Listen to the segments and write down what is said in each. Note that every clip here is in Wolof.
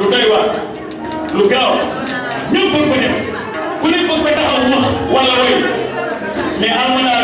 lu doy waar lu gaaw ñëpp ba fa dem ku nekk ba fa taxaw wax wala way mais am naa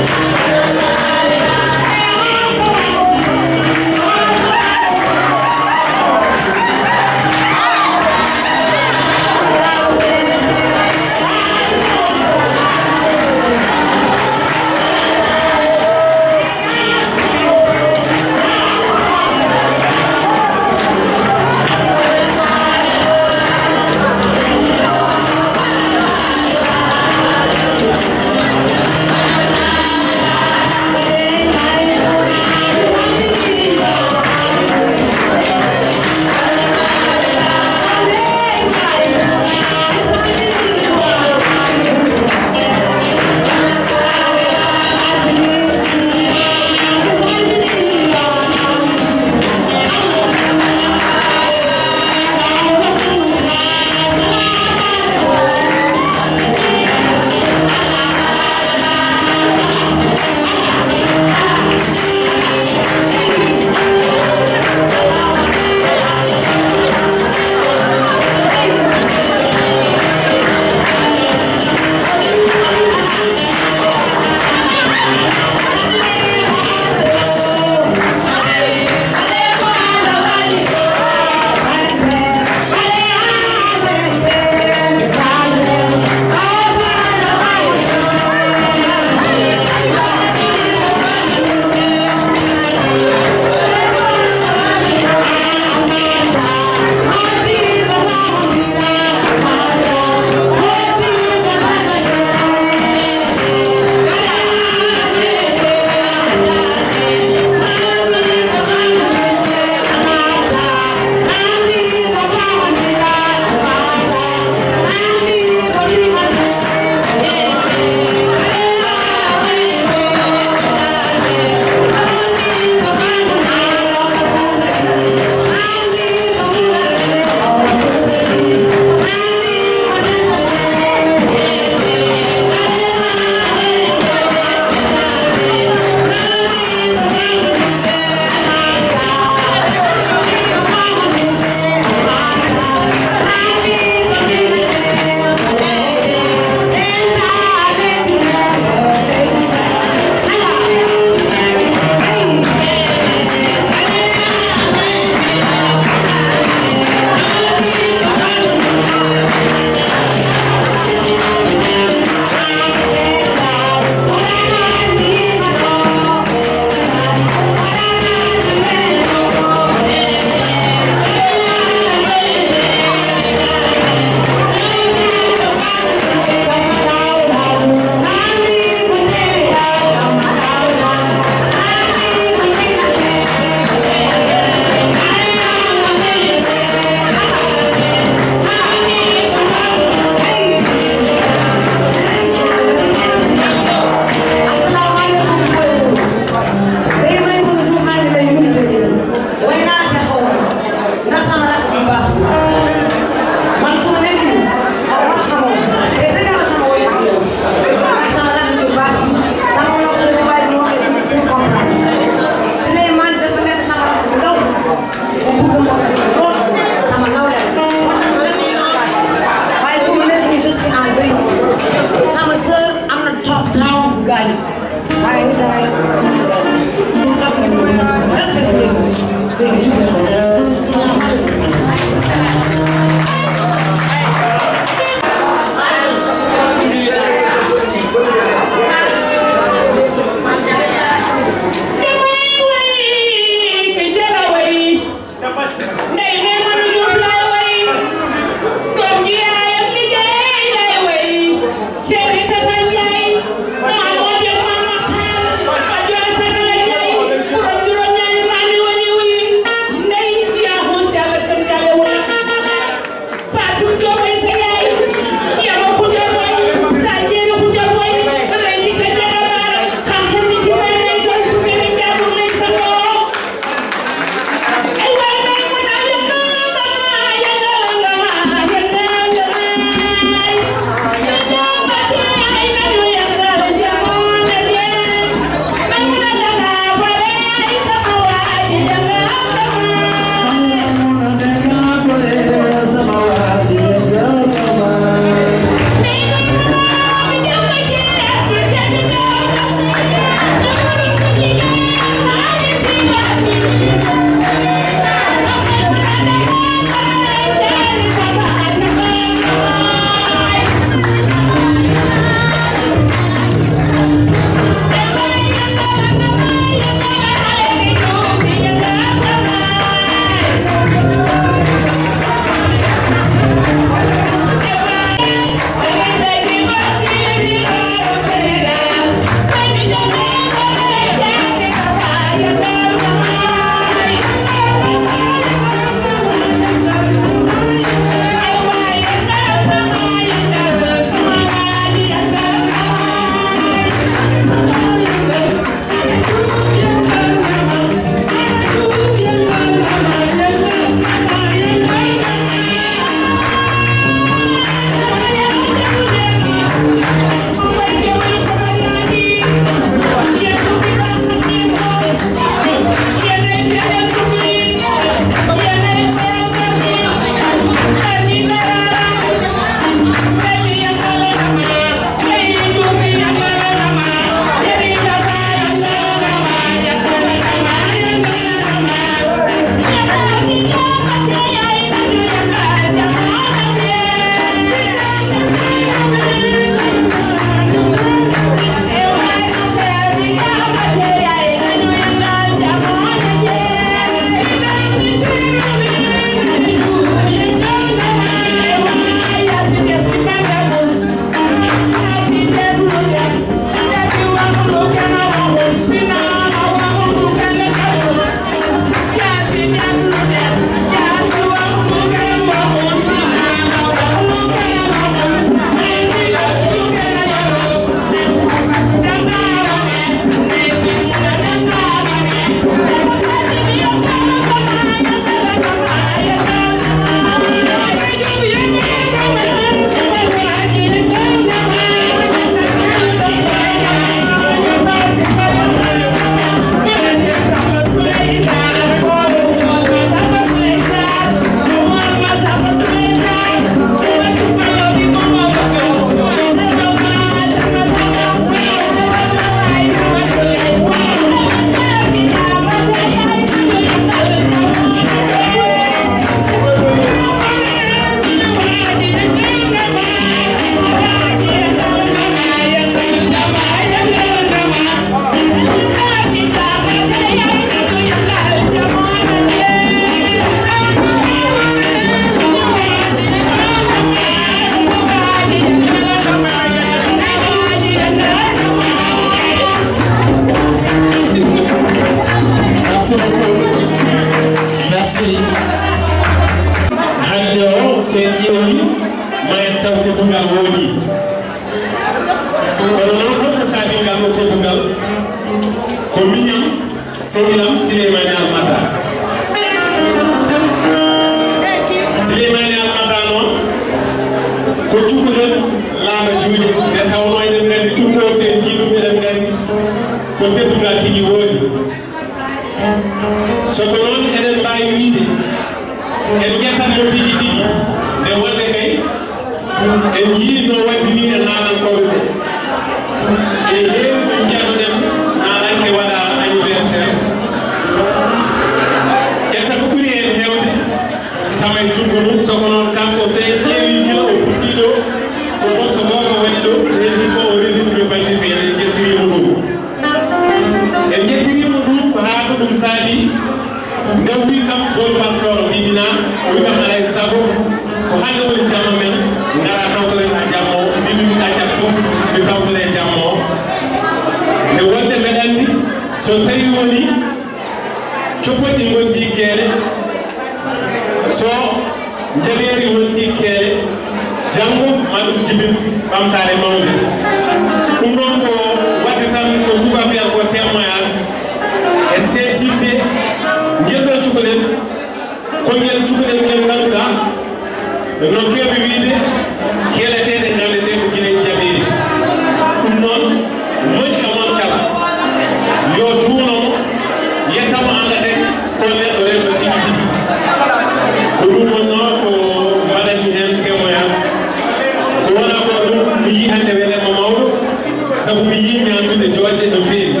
sabu mi yi ñamtude jooɗɗe no feewi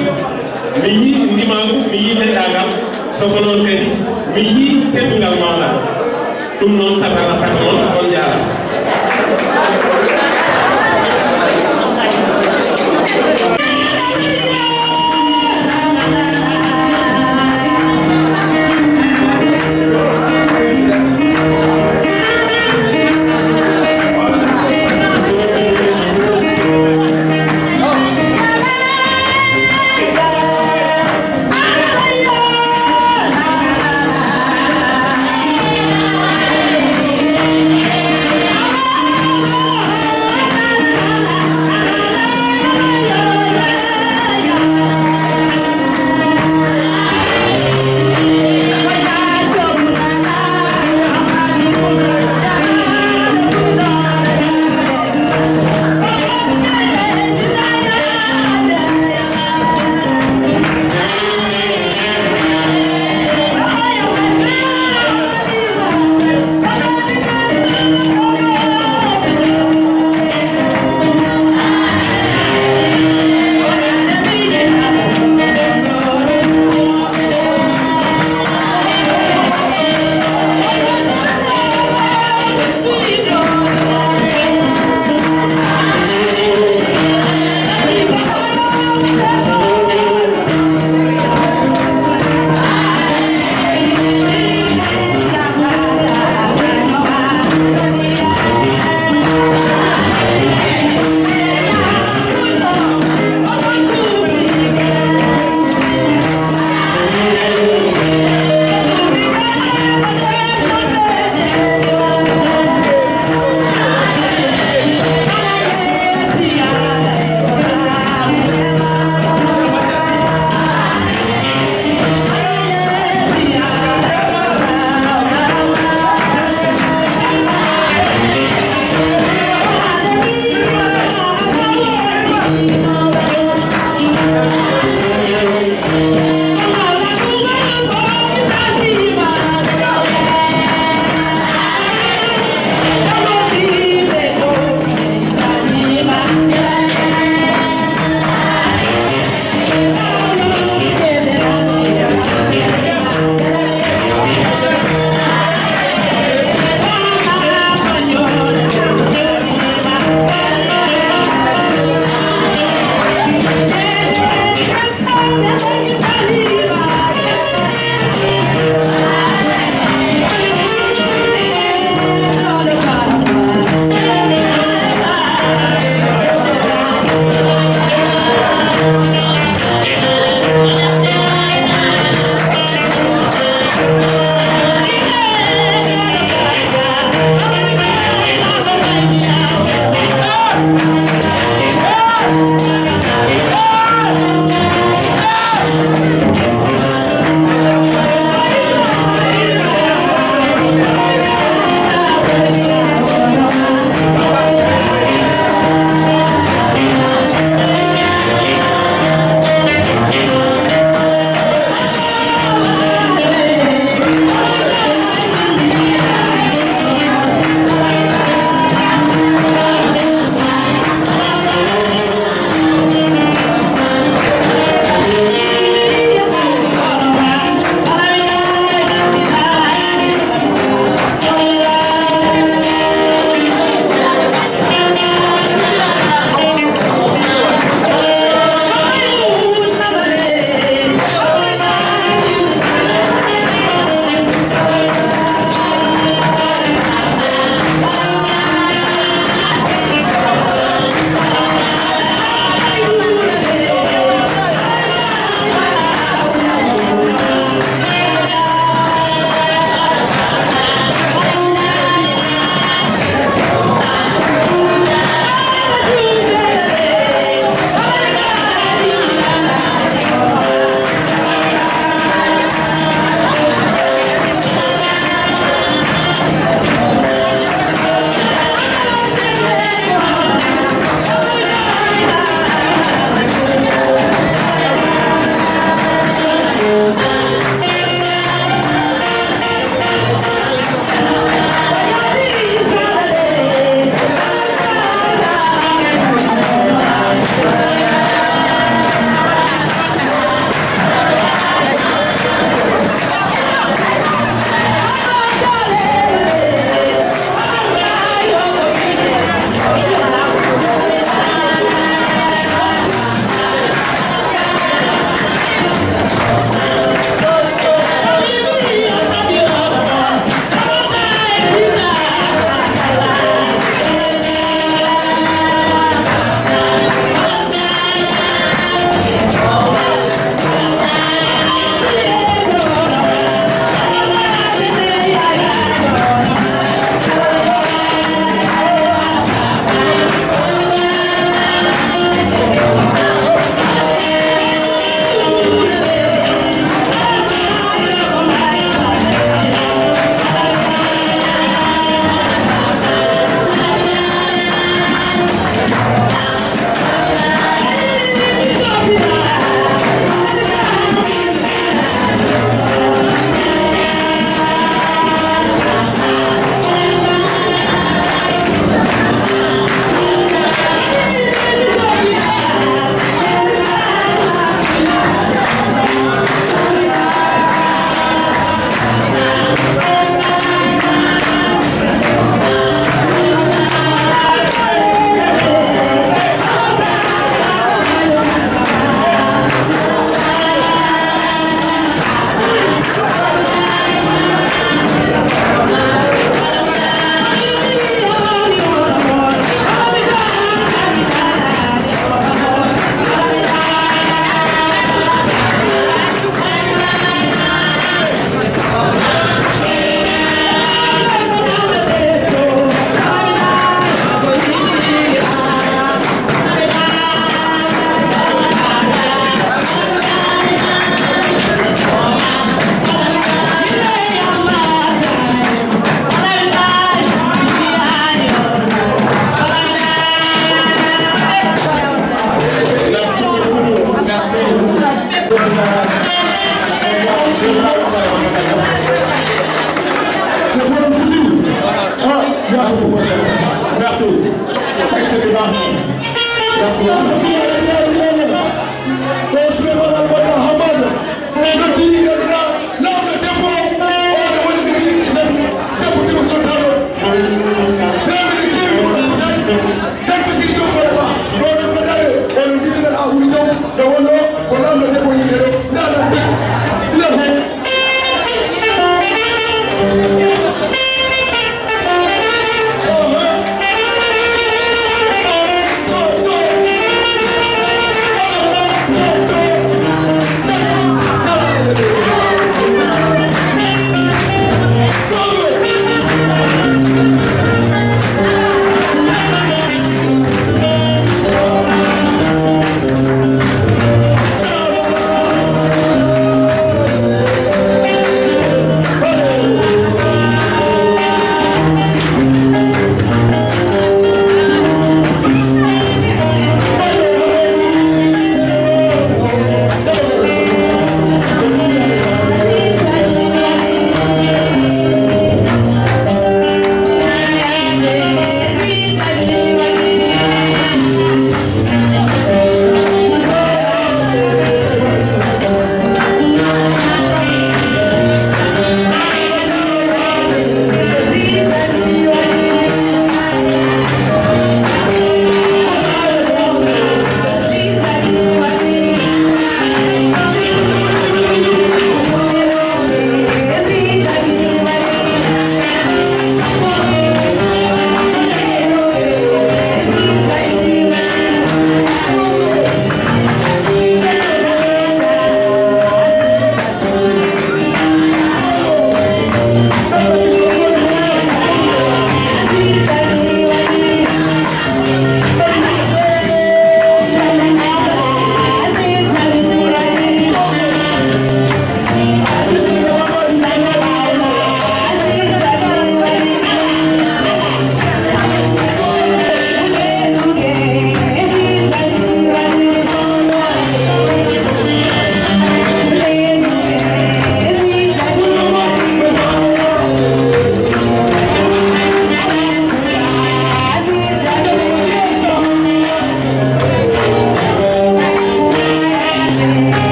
mi yi ndimagu mi yi heɗɗagal sabu noon kadi mi yi teddugal maɗa ɗum noon satana saka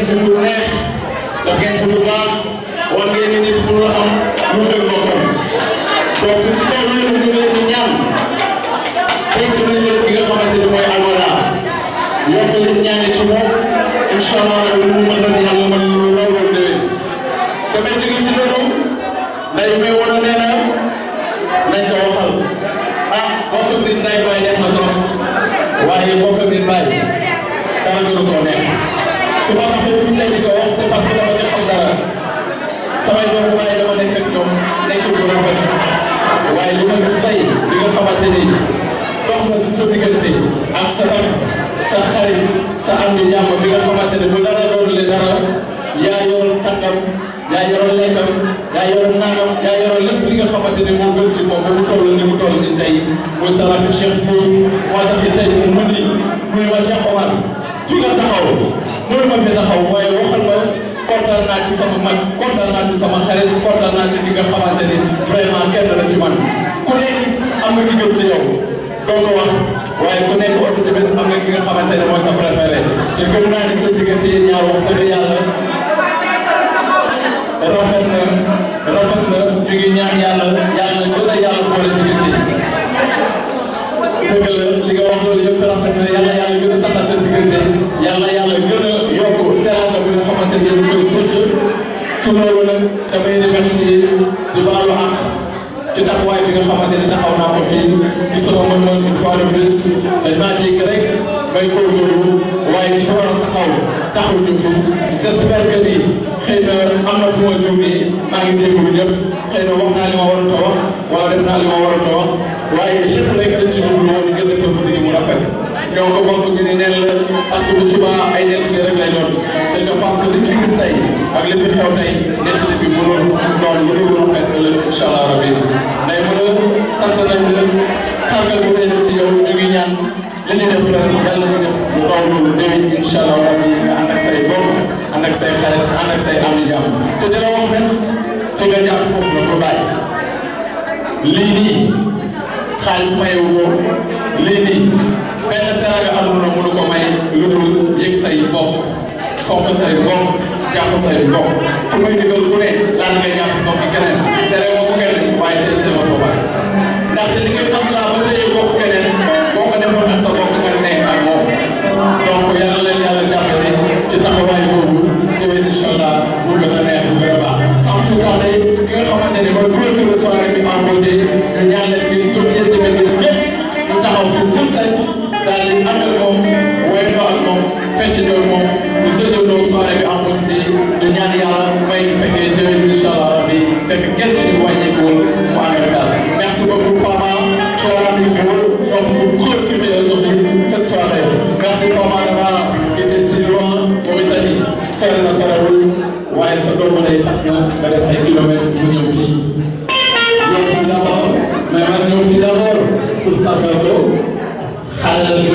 ngeen nga xamante ni vraiment kenn la ci man ku nekk am na ki gëm ci yow doo ko wax waaye ku nekk am na ki nga xamante ne mooy sa préféré te gëm naa ni seen diggante yéen ñaar wax dëgg remercier di baalu àq ci taxawaay bi nga xamante ne taxaw naa ko fii ci sama mën-mën une fois de plus dañ maa dégg rek a taxaw taxawuñu fi j'espère que ni xëy na am na fu ma juumee maa ngi déglu ñëpp xëy na wax naa li ma war a wax wala def naa li ma war a wax waaye lépp rek dañ ci jublu woon ngeen defal ko mu rafet. ñoo ko bokk ñu ne neen la parce que bu subaa ay nettali rek lay doon te nettali bi mënoon doon lu dul woon fekk ëllëg incha allah rabi day mën a sant nañ la sàngal bu ne lu raw loolu déwén incha allah rabi nga ànd ak say bopp ànd ak say xarit ànd ak say am yi am te dina wax ne fi nga lii nii xaalis mayewu ko lii nii benn teraanga ko may lu dul yëg say bopp fonk say bopp jàpp ku may digal sori na sorewul waaye sa doom day tax ñëw nga def ay kilomètres mu ñëw fii ñëw fii d'abord mais man ñëw fii d'abord pour sargal ko xaalal